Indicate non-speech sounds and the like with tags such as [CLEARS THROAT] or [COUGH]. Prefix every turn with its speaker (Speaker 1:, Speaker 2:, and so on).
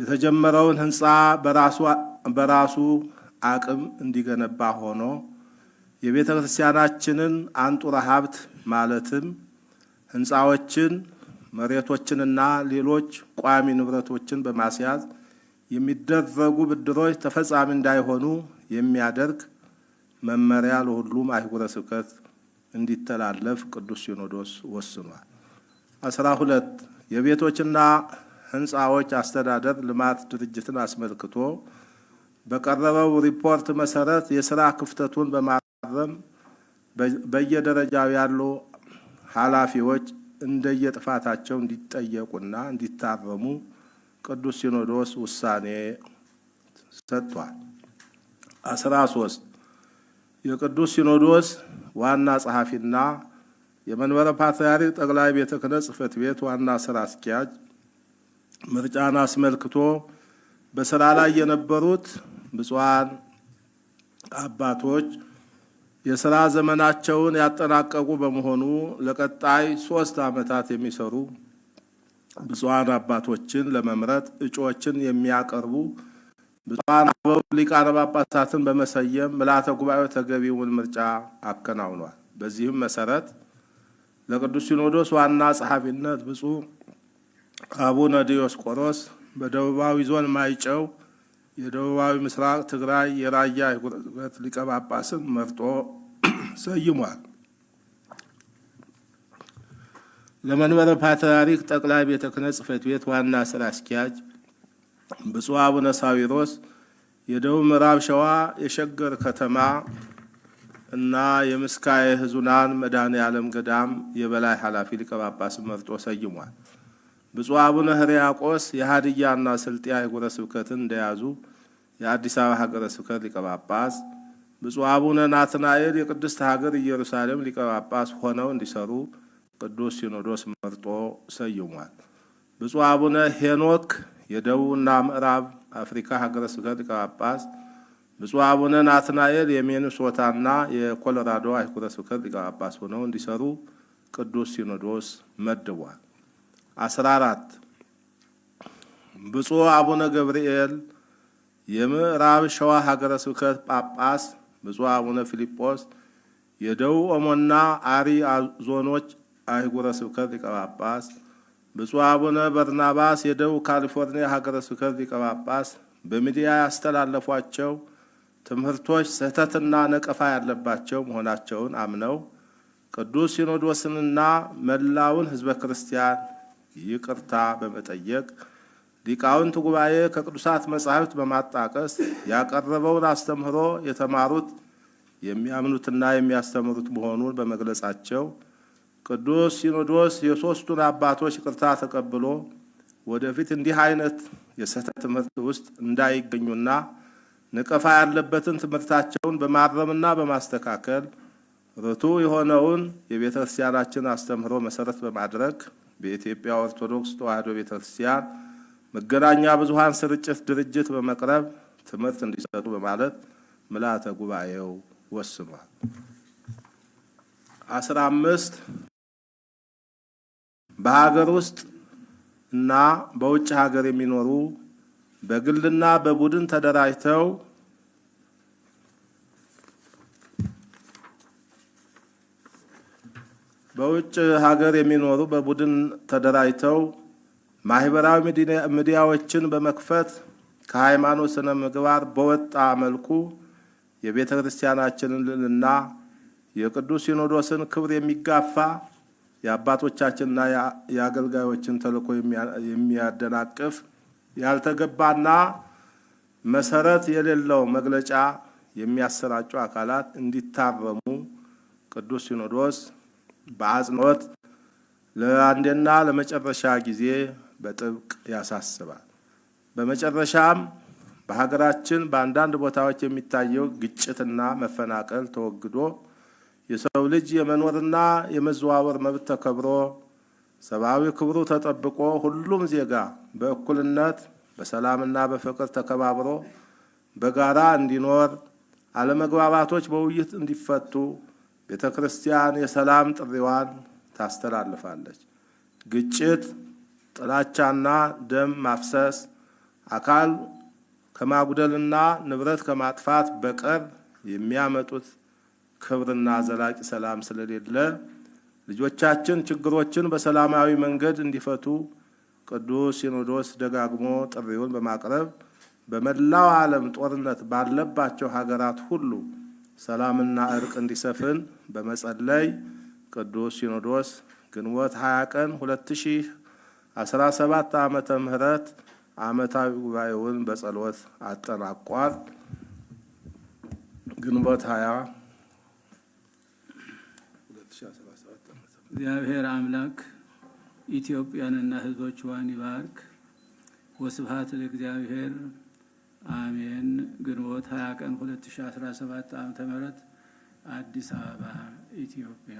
Speaker 1: የተጀመረውን ህንፃ በራሱ አቅም እንዲገነባ ሆኖ የቤተ ክርስቲያናችንን አንጡረ ሀብት ማለትም ህንፃዎችን፣ መሬቶችንና ሌሎች ቋሚ ንብረቶችን በማስያዝ የሚደረጉ ብድሮች ተፈጻሚ እንዳይሆኑ የሚያደርግ መመሪያ ለሁሉም አህጉረ ስብከት እንዲተላለፍ ቅዱስ ሲኖዶስ ወስኗል። አስራ ሁለት የቤቶችና ህንፃዎች አስተዳደር ልማት ድርጅትን አስመልክቶ በቀረበው ሪፖርት መሰረት የስራ ክፍተቱን በማረም በየደረጃው ያሉ ኃላፊዎች እንደየጥፋታቸው እንዲጠየቁና እንዲታረሙ ቅዱስ ሲኖዶስ ውሳኔ ሰጥቷል። አስራ ሶስት የቅዱስ ሲኖዶስ ዋና ጸሐፊና የመንበረ ፓትርያርክ ጠቅላይ ቤተ ክህነት ጽሕፈት ቤት ዋና ስራ አስኪያጅ ምርጫን አስመልክቶ በስራ ላይ የነበሩት ብፁዓን አባቶች የስራ ዘመናቸውን ያጠናቀቁ በመሆኑ ለቀጣይ ሶስት ዓመታት የሚሰሩ ብፁዓን አባቶችን ለመምረጥ እጩዎችን የሚያቀርቡ ብፁዓን አበው ሊቃነ ጳጳሳትን በመሰየም ምልዓተ ጉባኤው ተገቢውን ምርጫ አከናውኗል። በዚህም መሰረት ለቅዱስ ሲኖዶስ ዋና ጸሐፊነት ብፁዕ አቡነ ዲዮስቆሮስ በደቡባዊ ዞን ማይጨው የደቡባዊ ምስራቅ ትግራይ የራያ አህጉረ ስብከት ሊቀ ጳጳስን መርጦ [CLEARS THROAT] ሰይሟል። ለመንበረ ፓትርያርክ ጠቅላይ ቤተ ክህነት ጽሕፈት ቤት ዋና ስራ አስኪያጅ ብፁዕ አቡነ ሳዊሮስ የደቡብ ምዕራብ ሸዋ የሸገር ከተማ እና የምስካየ ሕዙናን መድኃኔ ዓለም ገዳም የበላይ ኃላፊ ሊቀ ጳጳስን መርጦ ሰይሟል። ብፁዕ አቡነ ህርያቆስ የሀድያና ስልጤያ ሀገረ ስብከትን እንደያዙ የአዲስ አበባ ሀገረ ስብከት ሊቀ ጳጳስ፣ ብፁዕ አቡነ ናትናኤል የቅድስት ሀገር ኢየሩሳሌም ሊቀ ጳጳስ ሆነው እንዲሰሩ ቅዱስ ሲኖዶስ መርጦ ሰይሟል። ብፁዕ አቡነ ሄኖክ የደቡብና ምዕራብ አፍሪካ ሀገረ ስብከት ሊቀ ጳጳስ፣ ብፁዕ አቡነ ናትናኤል የሚኒሶታና የኮሎራዶ አህጉረ ስብከት ሊቀ ጳጳስ ሆነው እንዲሰሩ ቅዱስ ሲኖዶስ መድቧል። 14 ብፁዕ አቡነ ገብርኤል የምዕራብ ሸዋ ሀገረ ስብከት ጳጳስ፣ ብፁዕ አቡነ ፊልጶስ የደቡብ ኦሞና አሪ ዞኖች አህጉረ ስብከት ሊቀ ጳጳስ፣ ብፁዕ አቡነ በርናባስ የደቡብ ካሊፎርኒያ ሀገረ ስብከት ሊቀ ጳጳስ በሚዲያ ያስተላለፏቸው ትምህርቶች ስህተትና ነቀፋ ያለባቸው መሆናቸውን አምነው ቅዱስ ሲኖዶስንና መላውን ሕዝበ ክርስቲያን ይቅርታ በመጠየቅ ሊቃውንት ጉባኤ ከቅዱሳት መጻሕፍት በማጣቀስ ያቀረበውን አስተምህሮ የተማሩት የሚያምኑትና የሚያስተምሩት መሆኑን በመግለጻቸው ቅዱስ ሲኖዶስ የሦስቱን አባቶች ቅርታ ተቀብሎ ወደፊት እንዲህ አይነት የስህተት ትምህርት ውስጥ እንዳይገኙና ንቀፋ ያለበትን ትምህርታቸውን በማረምና በማስተካከል ርቱ የሆነውን የቤተ ክርስቲያናችን አስተምህሮ መሰረት በማድረግ በኢትዮጵያ ኦርቶዶክስ ተዋሕዶ ቤተክርስቲያን መገናኛ ብዙሃን ስርጭት ድርጅት በመቅረብ ትምህርት እንዲሰጡ በማለት ምልዓተ ጉባኤው ወስኗል። አስራ አምስት በሀገር ውስጥ እና በውጭ ሀገር የሚኖሩ በግልና በቡድን ተደራጅተው በውጭ ሀገር የሚኖሩ በቡድን ተደራጅተው ማህበራዊ ሚዲያዎችን በመክፈት ከሃይማኖት ስነ ምግባር በወጣ መልኩ የቤተ ክርስቲያናችንን ልዕልና የቅዱስ ሲኖዶስን ክብር የሚጋፋ የአባቶቻችንና የአገልጋዮችን ተልዕኮ የሚያደናቅፍ ያልተገባና መሰረት የሌለው መግለጫ የሚያሰራጩ አካላት እንዲታረሙ ቅዱስ ሲኖዶስ በአጽንኦት ለአንዴና ለመጨረሻ ጊዜ በጥብቅ ያሳስባል። በመጨረሻም በሀገራችን በአንዳንድ ቦታዎች የሚታየው ግጭትና መፈናቀል ተወግዶ የሰው ልጅ የመኖርና የመዘዋወር መብት ተከብሮ ሰብአዊ ክብሩ ተጠብቆ ሁሉም ዜጋ በእኩልነት በሰላምና በፍቅር ተከባብሮ በጋራ እንዲኖር አለመግባባቶች በውይይት እንዲፈቱ ቤተ ክርስቲያን የሰላም ጥሪዋን ታስተላልፋለች። ግጭት፣ ጥላቻና ደም ማፍሰስ አካል ከማጉደልና ንብረት ከማጥፋት በቀር የሚያመጡት ክብርና ዘላቂ ሰላም ስለሌለ ልጆቻችን ችግሮችን በሰላማዊ መንገድ እንዲፈቱ ቅዱስ ሲኖዶስ ደጋግሞ ጥሪውን በማቅረብ በመላው ዓለም ጦርነት ባለባቸው ሀገራት ሁሉ ሰላምና እርቅ እንዲሰፍን በመጸለይ ቅዱስ ሲኖዶስ ግንቦት 20 ቀን 2017 ዓመተ ምህረት ዓመታዊ ጉባኤውን በጸሎት አጠናቋል። ግንቦት 20
Speaker 2: እግዚአብሔር አምላክ ኢትዮጵያንና ሕዝቦቿን ይባርክ። ወስብሐት ለእግዚአብሔር። አሜን። ግንቦት 20 ቀን 2017 ዓ.ም አዲስ አበባ ኢትዮጵያ